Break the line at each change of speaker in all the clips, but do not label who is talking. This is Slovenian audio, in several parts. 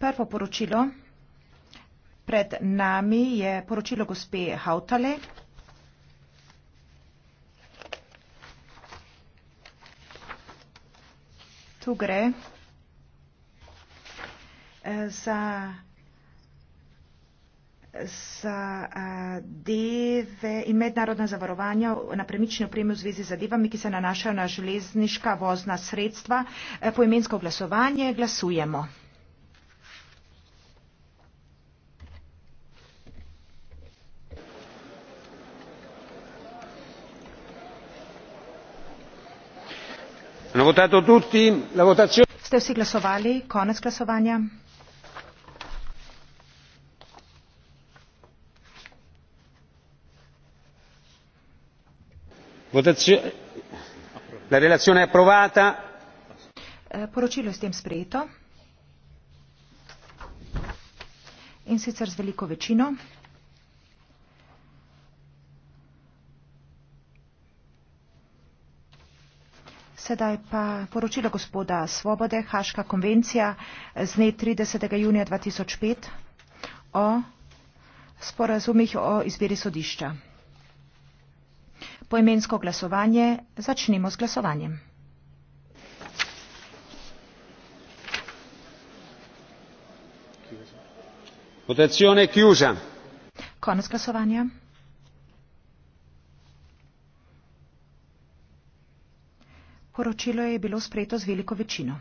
Prvo poročilo. Pred nami je poročilo gospe Hautale. Tu gre eh, za, za eh, deve in mednarodna zavarovanja na premični opremi v zvezi z zadevami, ki se nanašajo na železniška vozna sredstva. Eh, poimensko glasovanje glasujemo.
votato tutti la
votazione ste vsi glasovali konec glasovanja
la relazione è approvata
eh, poročilo je s tem sprejeto in sicer z veliko večino Sedaj pa poročilo gospoda Svobode, Haška konvencija z dne 30. junija 2005 o sporazumih o izbiri sodišča. Poimensko glasovanje začnimo s glasovanjem.
Votazione chiusa.
Konec glasovanja. Poročilo je bilo sprejeto z veliko večino.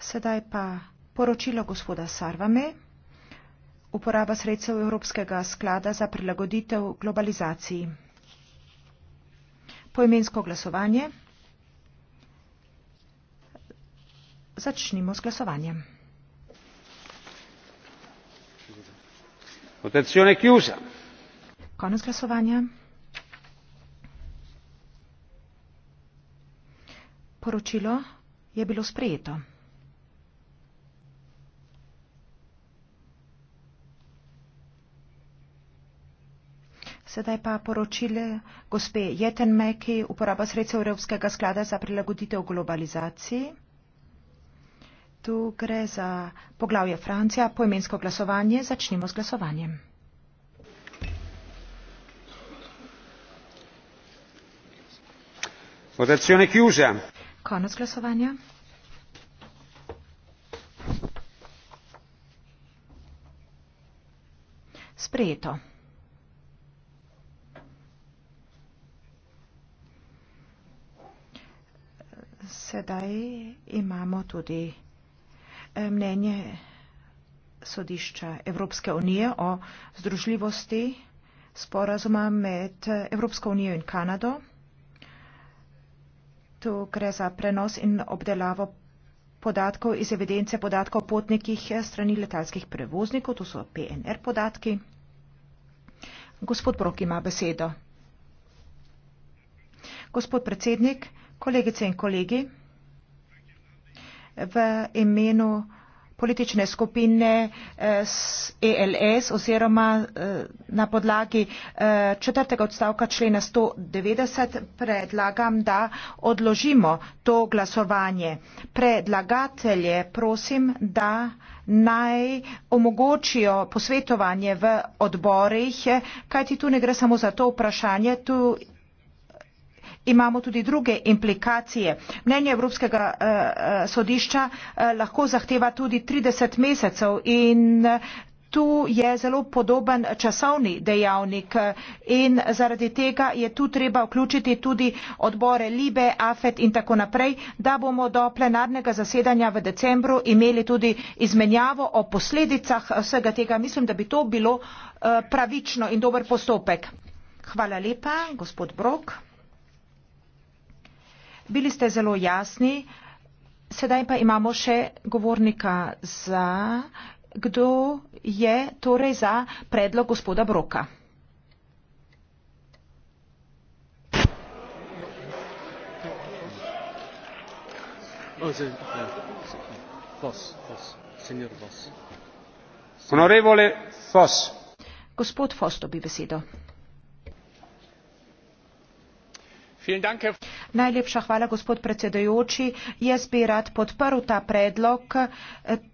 Sedaj pa poročilo gospoda Sarvame. Uporaba sredstev Evropskega sklada za prilagoditev globalizaciji. Poimensko glasovanje. Začnimo s glasovanjem. Konec glasovanja. Poročilo je bilo sprejeto. Sedaj pa poročile gospe Jeten Meki, uporaba sredstev Evropskega sklada za prilagoditev globalizaciji. Tu gre za poglavje Francija, poimensko glasovanje. Začnimo z glasovanjem.
Votazione chiusa.
Konec glasovanja. Sprejeto. Sedaj imamo tudi eh, mnenje sodišča Evropske unije o združljivosti sporazuma med eh, Evropsko unijo in Kanado. Tu gre za prenos in obdelavo podatkov iz evidence podatkov o potnikih strani letalskih prevoznikov, to so PNR podatki. Gospod Brok ima besedo. Gospod predsednik, kolegice in kolegi, v imenu politične skupine ELS eh, e oziroma eh, na podlagi eh, četrtega odstavka člena 190 predlagam, da odložimo to glasovanje. Predlagatelje prosim, da naj omogočijo posvetovanje v odborih, kajti tu ne gre samo za to vprašanje, tu imamo tudi druge implikacije. Mnenje Evropskega eh, eh sodišča eh, lahko zahteva tudi 30 mesecev in eh, Tu je zelo podoben časovni dejavnik eh, in zaradi tega je tu treba vključiti tudi odbore Libe, AFET in tako naprej, da bomo do plenarnega zasedanja v decembru imeli tudi izmenjavo o posledicah vsega tega. Mislim, da bi to bilo pravično in dober postopek. Hvala lepa, gospod Brok. Bili ste zelo jasni. Sedaj pa imamo še govornika za. Kdo je torej za predlog gospoda Broka? Oh, Gospod Fos dobi besedo. Najlepša hvala, gospod predsedujoči. Jaz bi rad podprl ta predlog.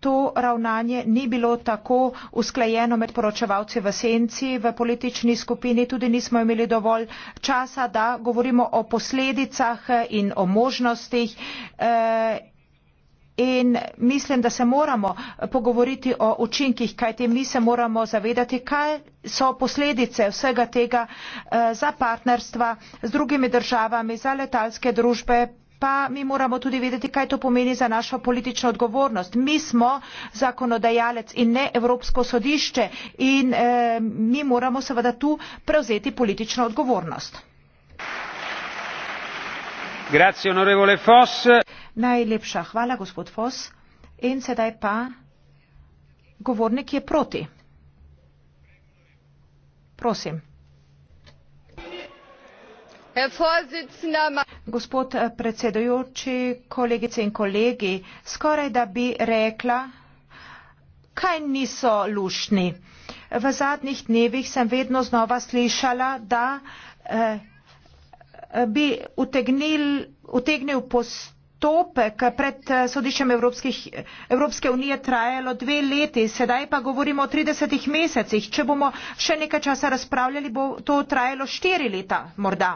To ravnanje ni bilo tako usklajeno med poročevalci v senci, v politični skupini tudi nismo imeli dovolj časa, da govorimo o posledicah in o možnostih. E, in mislim, da se moramo pogovoriti o učinkih, kajti mi se moramo zavedati, kaj so posledice vsega tega eh, za partnerstva z drugimi državami, za letalske družbe. Pa mi moramo tudi vedeti, kaj to pomeni za našo politično odgovornost. Mi smo zakonodajalec in ne Evropsko sodišče in eh, mi moramo seveda tu prevzeti politično odgovornost. Najlepša hvala, gospod Foss. In sedaj pa govornik je proti. Prosim. Gospod eh, predsedujoči, kolegice in kolegi, skoraj da bi rekla, kaj niso lušni. V zadnjih dnevih sem vedno znova slišala, da eh, Eh, bi utegnil, utegnil postopek eh, pred eh, sodiščem Evropskih, Evropske unije trajalo dve leti, sedaj pa govorimo o 30 mesecih. Če bomo še nekaj časa razpravljali, bo to trajalo štiri leta morda.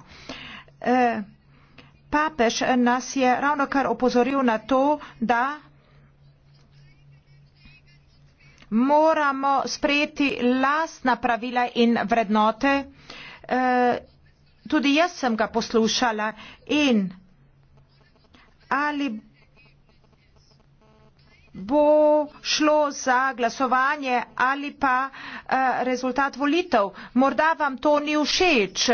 Papež nas je ravno kar opozoril na to, da moramo sprejeti lastna pravila in vrednote tudi jaz sem ga poslušala in ali bo šlo za glasovanje ali pa eh, rezultat volitev. Morda vam to ni všeč,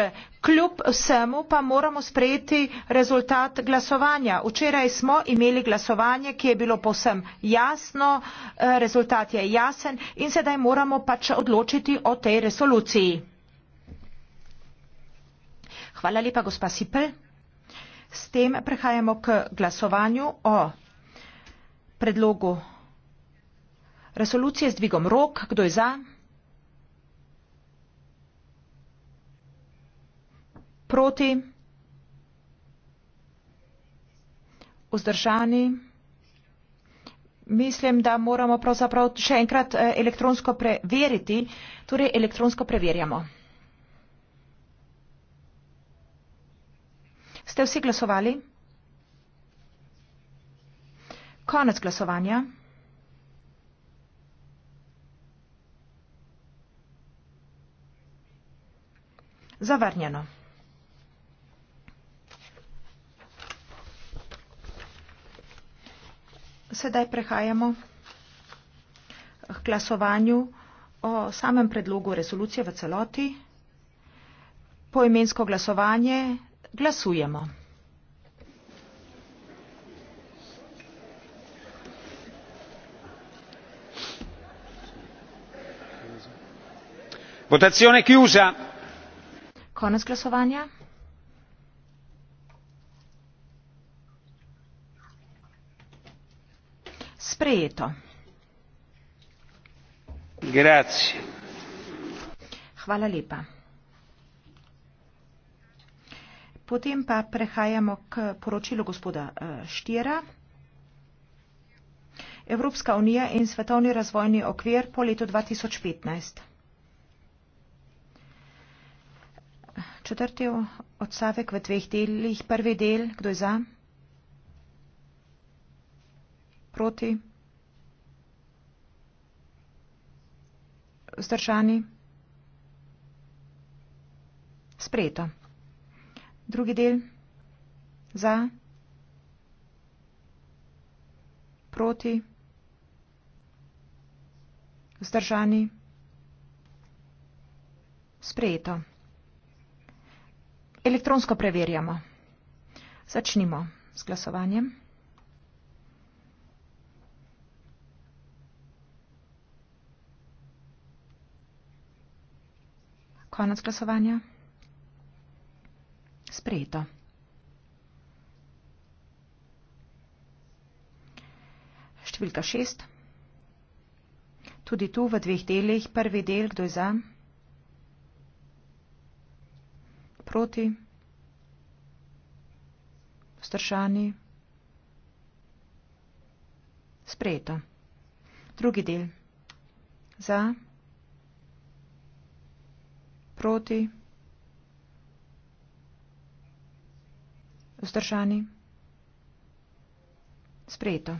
kljub vsemu pa moramo sprejeti rezultat glasovanja. Včeraj smo imeli glasovanje, ki je bilo posem jasno, eh, rezultat je jasen in sedaj moramo pač odločiti o tej resoluciji. Hvala lepa, gospa Sipel. S tem prehajamo k glasovanju o predlogu resolucije z dvigom rok. Kdo je za? Proti? Vzdržani? Mislim, da moramo pravzaprav še enkrat eh, elektronsko preveriti, torej elektronsko preverjamo. Ste vsi glasovali? Konec glasovanja. Zavrnjeno. Sedaj prehajamo k glasovanju o samem predlogu resolucije v celoti. Poimensko glasovanje glasujemo.
Votazione chiusa.
Konec glasovanja. Sprejeto. Grazie. Hvala lepa. Potem pa prehajamo k poročilu gospoda eh, Štira. Evropska unija in svetovni razvojni okvir po letu 2015. Četrti odsavek v dveh delih. Prvi del, kdo je za? Proti? Zdržani? Sprejeto. Drugi del za, proti, vzdržani, sprejeto. Elektronsko preverjamo. Začnimo s glasovanjem. Konec glasovanja sprejeto. Številka šest. Tudi tu v dveh delih. Prvi del, kdo je za? Proti? Vstršani? Sprejeto. Drugi del. Za? Proti? Vzdržani. Sprejeto.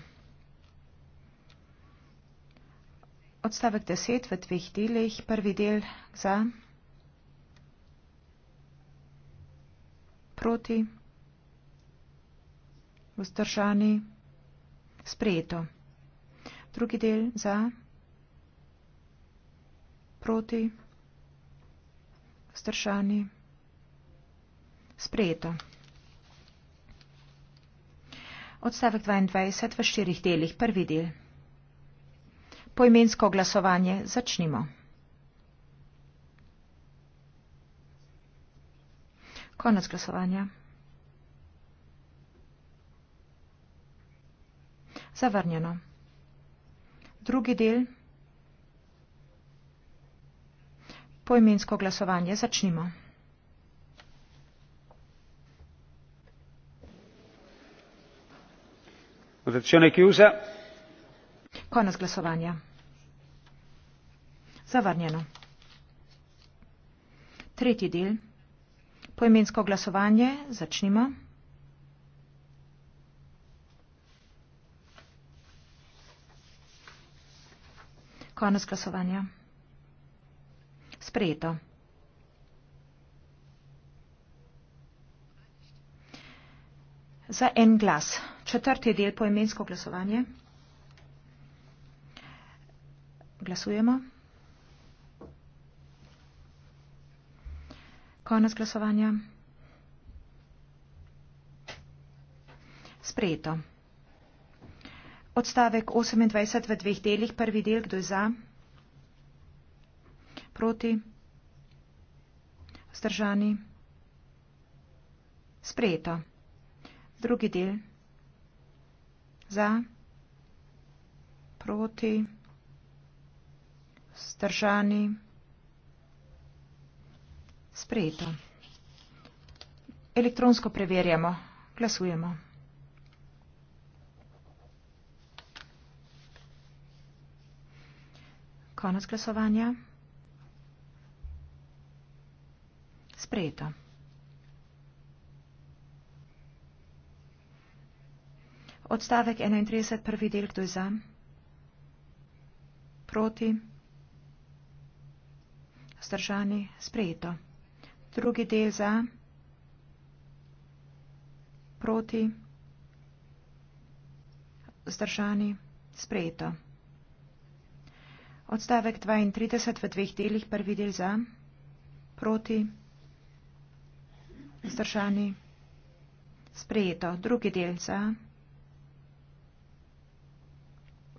Odstavek 10 v dveh delih. Prvi del za. Proti. Vzdržani. Sprejeto. Drugi del za. Proti. Vzdržani. Sprejeto odstavek 22 v štirih delih, prvi del. Poimensko glasovanje začnimo. Konec glasovanja. Zavrnjeno. Drugi del. Poimensko glasovanje začnimo.
votazione chiusa
con sglasovanja zavrnjeno tretji del poimensko glasovanje začnimo konec glasovanja sprejeto za en glas Četrti del poemensko glasovanje. Glasujemo. Konec glasovanja. Sprejeto. Odstavek 28 v dveh delih. Prvi del, kdo je za? Proti? Zdržani? Sprejeto. Drugi del za, proti, stržani, sprejeto. Elektronsko preverjamo, glasujemo. Konec glasovanja. Sprejeto. Odstavek 31, prvi del, kdo je za? Proti? Zdržani? Sprejeto. Drugi del za? Proti? Zdržani? Sprejeto. Odstavek 32 v dveh delih, prvi del za, proti, zdržani, sprejeto, drugi del za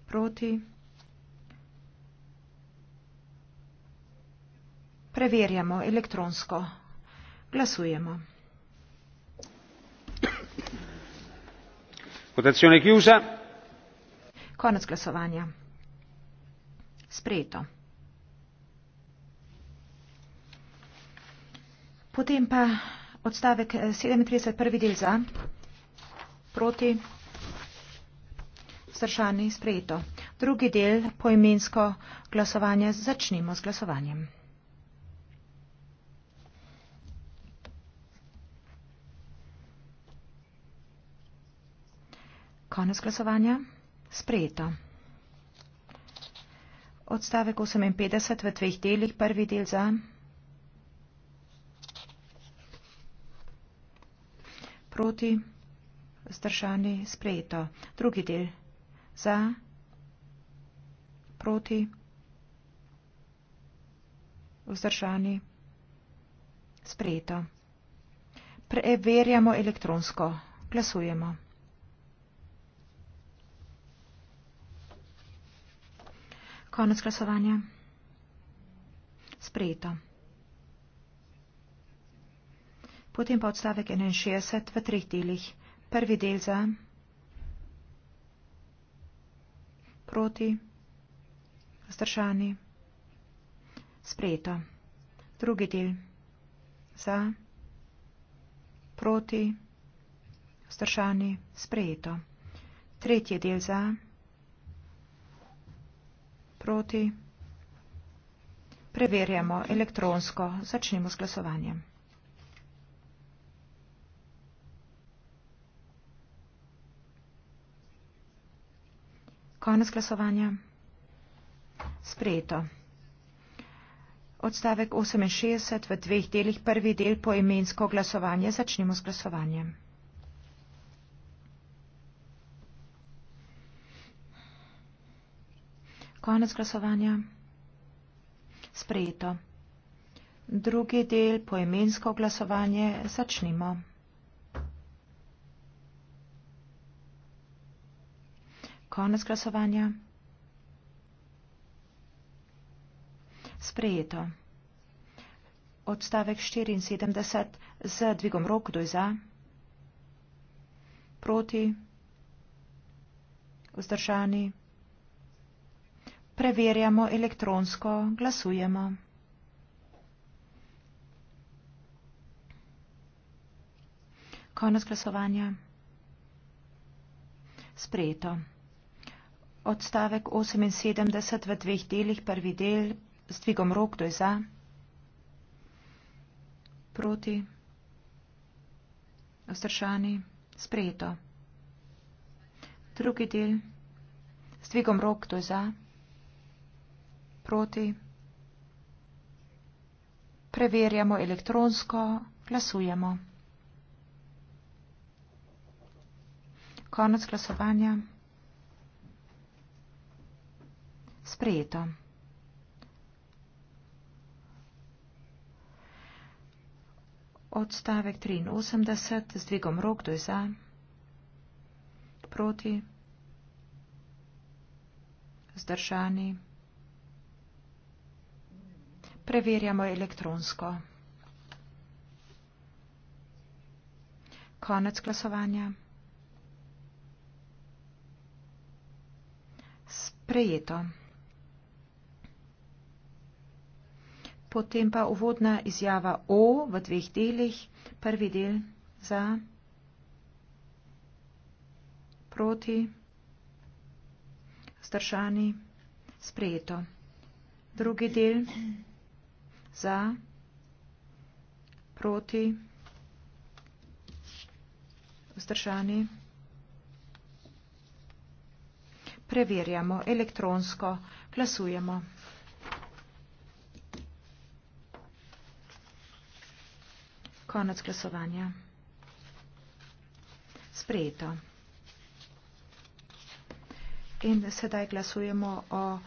proti. Preverjamo elektronsko. Glasujemo.
Votazione chiusa.
Konec glasovanja. Sprejeto. Potem pa odstavek 37. Eh, prvi del za. Proti vzdržani sprejeto. Drugi del poimensko glasovanje začnimo z glasovanjem. Konec glasovanja. Sprejeto. Odstavek 58 v dveh delih. Prvi del za. Proti. Zdržani. Sprejeto. Drugi del za, proti, vzdržani, sprejeto. Preverjamo elektronsko, glasujemo. Konec glasovanja. Sprejeto. Potem pa odstavek 61 v treh delih. Prvi del za. proti, vzdržani, sprejeto. Drugi del, za, proti, vzdržani, sprejeto. Tretji del, za, proti, preverjamo elektronsko, začnemo s glasovanjem. Konec glasovanja. Sprejeto. Odstavek 68 v dveh delih prvi del poimensko glasovanje. Začnimo s glasovanjem. Konec glasovanja. Sprejeto. Drugi del poimensko glasovanje. Začnimo. konec glasovanja. Sprejeto. Odstavek 74 z dvigom rok do za. Proti. Vzdržani. Preverjamo elektronsko, glasujemo. Konec glasovanja. Sprejeto odstavek 78 v dveh delih, prvi del z dvigom rok, kdo je za, proti, vzdržani, sprejeto. Drugi del z dvigom rok, kdo je za, proti, preverjamo elektronsko, glasujemo. Konec glasovanja. sprejeto. Odstavek 83 z dvigom rok, kdo je za, proti, zdržani. Preverjamo elektronsko. Konec glasovanja. Sprejeto. potem pa uvodna izjava O v dveh delih, prvi del za, proti, zdržani, sprejeto. Drugi del za, proti, zdržani. Preverjamo elektronsko, glasujemo. Konec glasovanja. Sprejeto. In sedaj glasujemo o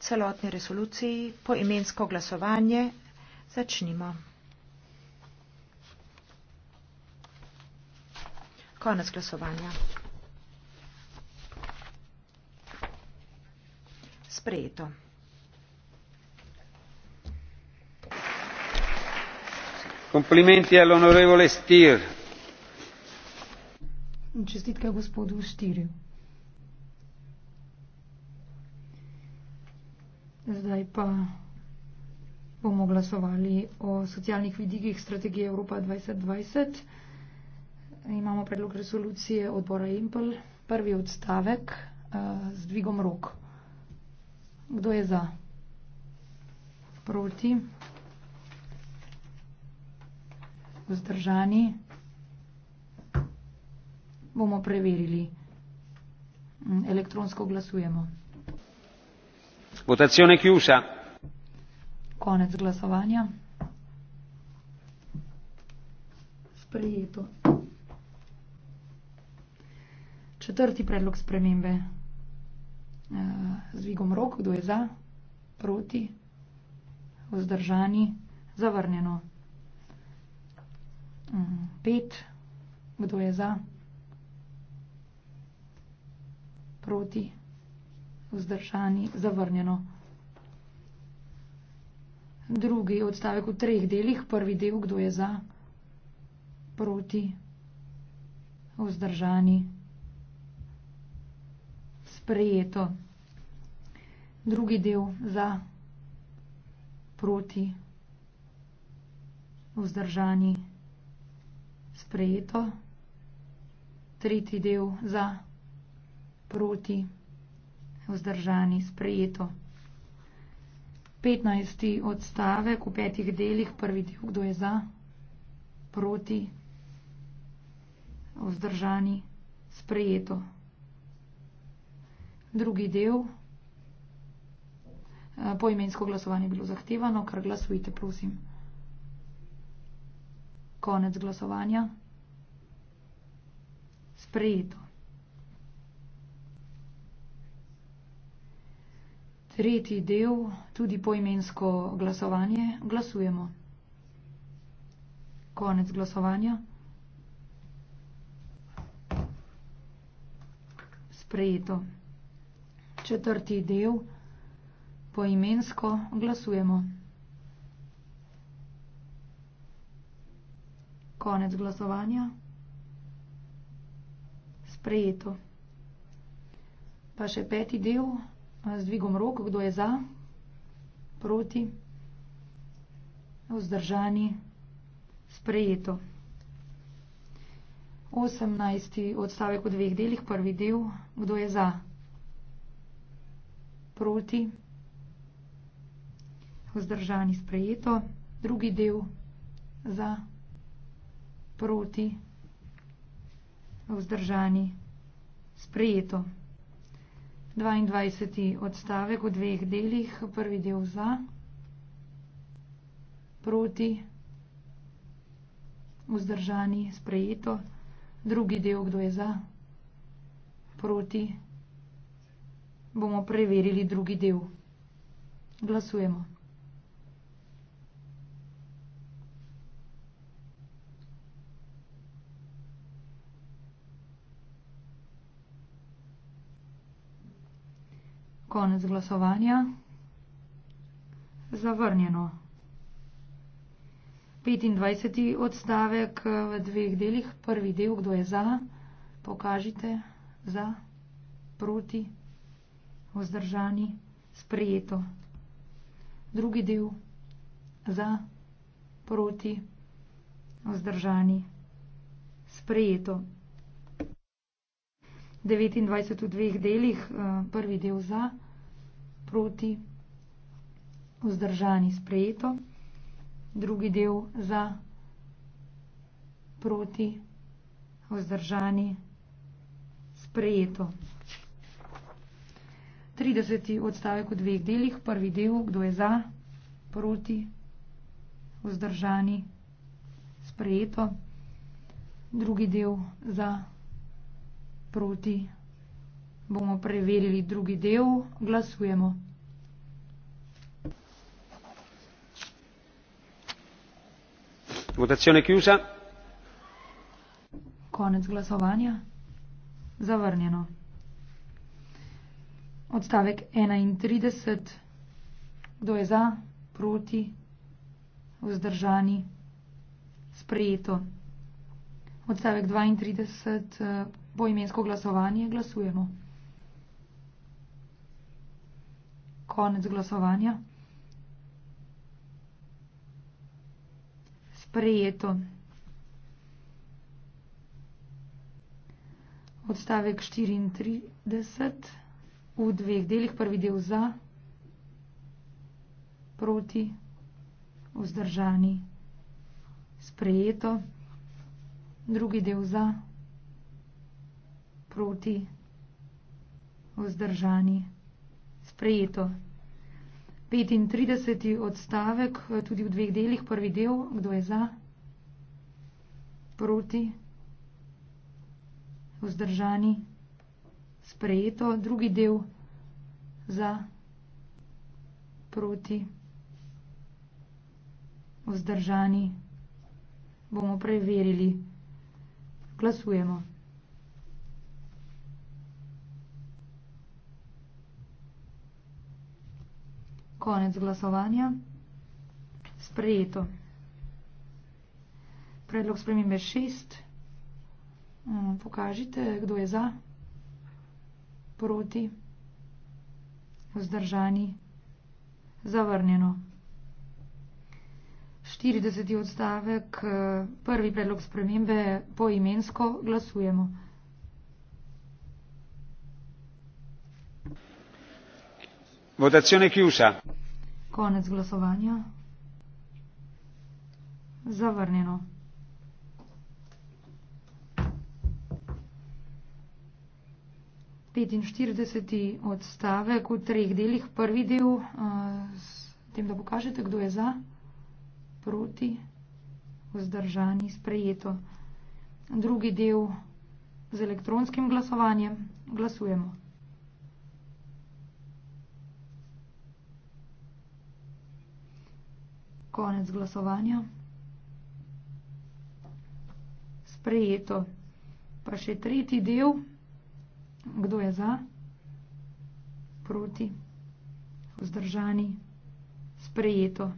celotni resoluciji po imensko glasovanje. Začnimo. Konec glasovanja. Sprejeto.
Complimenti all'onorevole Stier.
Čestitke gospodu Štirju. Zdaj pa bomo glasovali o socialnih vidikih strategije Evropa 2020. Imamo predlog resolucije odbora Impel, prvi odstavek eh, z dvigom rok. Kdo je za? Proti? vzdržani. Bomo preverili. Mm, elektronsko glasujemo.
Votazione chiusa.
Konec glasovanja. Sprejeto. Četrti predlog spremembe. Eh, Zvigom rok, kdo je za, proti, vzdržani, zavrnjeno. 5. Kdo je za? Proti? Vzdržani? Zavrnjeno. Drugi odstavek v treh delih. Prvi del, kdo je za? Proti? Vzdržani? Sprejeto. Drugi del za, proti, vzdržani sprejeto, tretji del za, proti, vzdržani, sprejeto. 15. odstavek v petih delih, prvi del, kdo je za, proti, vzdržani, sprejeto. Drugi del, eh, poimensko glasovanje je bilo zahtevano, kar glasujte, prosim. Konec glasovanja. Sprejeto. Tretji del, tudi poimensko glasovanje, glasujemo. Konec glasovanja. Sprejeto. Četrti del, poimensko glasujemo. Konec glasovanja. Sprejeto. Pa še peti del eh, z dvigom rok, kdo je za, proti, vzdržani, sprejeto. 18. odstavek v dveh delih, prvi del, kdo je za, proti, vzdržani, sprejeto, drugi del, za, proti proti, vzdržani, sprejeto. 22. odstavek v dveh delih, prvi del za, proti, vzdržani, sprejeto, drugi del, kdo je za, proti, bomo preverili drugi del. Glasujemo. Konec glasovanja. Zavrnjeno. 25. odstavek v dveh delih. Prvi del, kdo je za, pokažite za, proti, vzdržani, sprijeto. Drugi del, za, proti, vzdržani, sprijeto. 29. v dveh delih, eh, prvi del za, proti, vzdržani sprejeto, drugi del za, proti, vzdržani sprejeto. 30. odstavek v dveh delih, prvi del, kdo je za, proti, vzdržani sprejeto, drugi del za, proti, vzdržani sprejeto. Bomo preverili drugi del. Glasujemo.
Votazione chiusa.
Konec glasovanja. Zavrnjeno. Odstavek 31. Kdo je za? Proti? Vzdržani? Sprejeto. Odstavek 32. Po imensko glasovanje glasujemo. konec glasovanja. Sprejeto. Odstavek 34 v dveh delih, prvi del za, proti, vzdržani, sprejeto, drugi del za, proti, vzdržani, sprejeto. 35. odstavek, eh, tudi v dveh delih, prvi del, kdo je za, proti, vzdržani, sprejeto, drugi del za, proti, vzdržani, bomo preverili, glasujemo. Konec glasovanja. Sprejeto. Predlog spremembe šest. Eh, pokažite, kdo je za, proti, vzdržani, zavrnjeno. 40. odstavek, eh, prvi predlog spremembe, poimensko glasujemo.
Votazione chiusa.
Konec glasovanja. Zavrnjeno. Petinštirideseti odstavek v treh delih. Prvi del, eh, s tem, da pokažete, kdo je za, proti, vzdržani, sprejeto. Drugi del z elektronskim glasovanjem. Glasujemo. Glasujemo. Konec glasovanja. Sprejeto. Pa še tretji del. Kdo je za? Proti. Vzdržani. Sprejeto.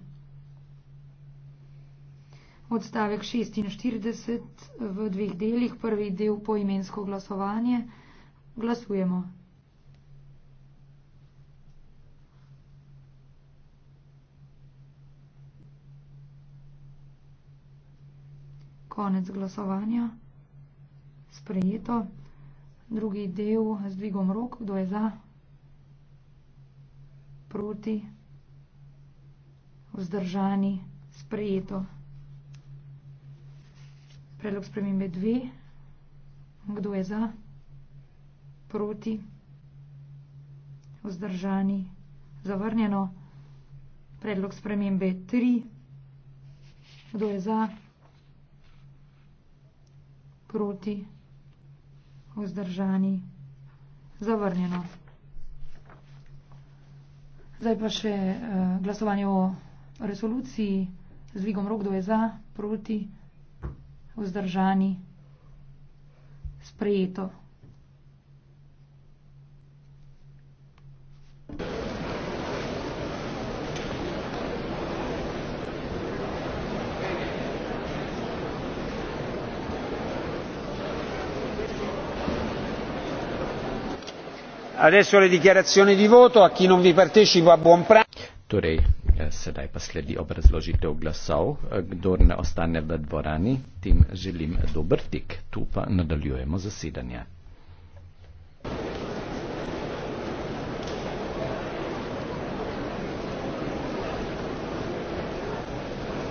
Odstavek 46 v dveh delih. Prvi del poimensko glasovanje. Glasujemo. konec glasovanja. Sprejeto. Drugi del z dvigom rok. Kdo je za? Proti. Vzdržani. Sprejeto. Predlog spremembe dve. Kdo je za? Proti. Vzdržani. Zavrnjeno. Predlog spremembe tri. Kdo je za? Proti proti, vzdržani, zavrnjeno. Zdaj pa še eh, glasovanje o resoluciji z dvigom rok, kdo je za, proti, vzdržani, sprejeto.
Adesso le dichiarazioni di voto a chi non vi partecipa buon pranzo.
Torej, eh, sedaj pa sledi obrazložitev glasov. Eh, kdor ne ostane v dvorani,
tim želim dober tik. Tu pa nadaljujemo zasedanje.